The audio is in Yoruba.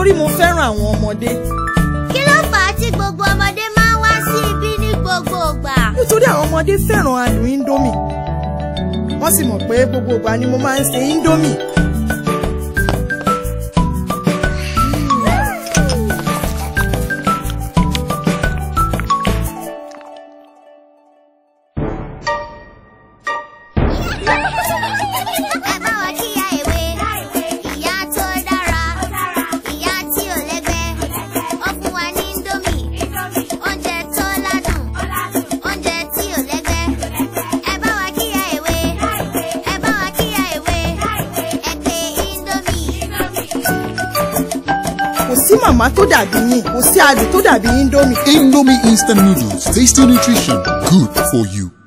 nítorí mo fẹ́ràn àwọn ọmọdé. kí ló fà á tí gbogbo ọmọdé máa ń wá sí ibi ní gbogbo ìgbà. nítorí àwọn ọmọdé fẹ́ràn adùn indomie wọ́n sì mọ̀ pé gbogbo ìgbà ni mo máa ń ṣe indomie. kò sí màmá tó dàbí yín kò sí adùn tó dàbí Indomie. Indomie instant noodles tasty nutrition good for you.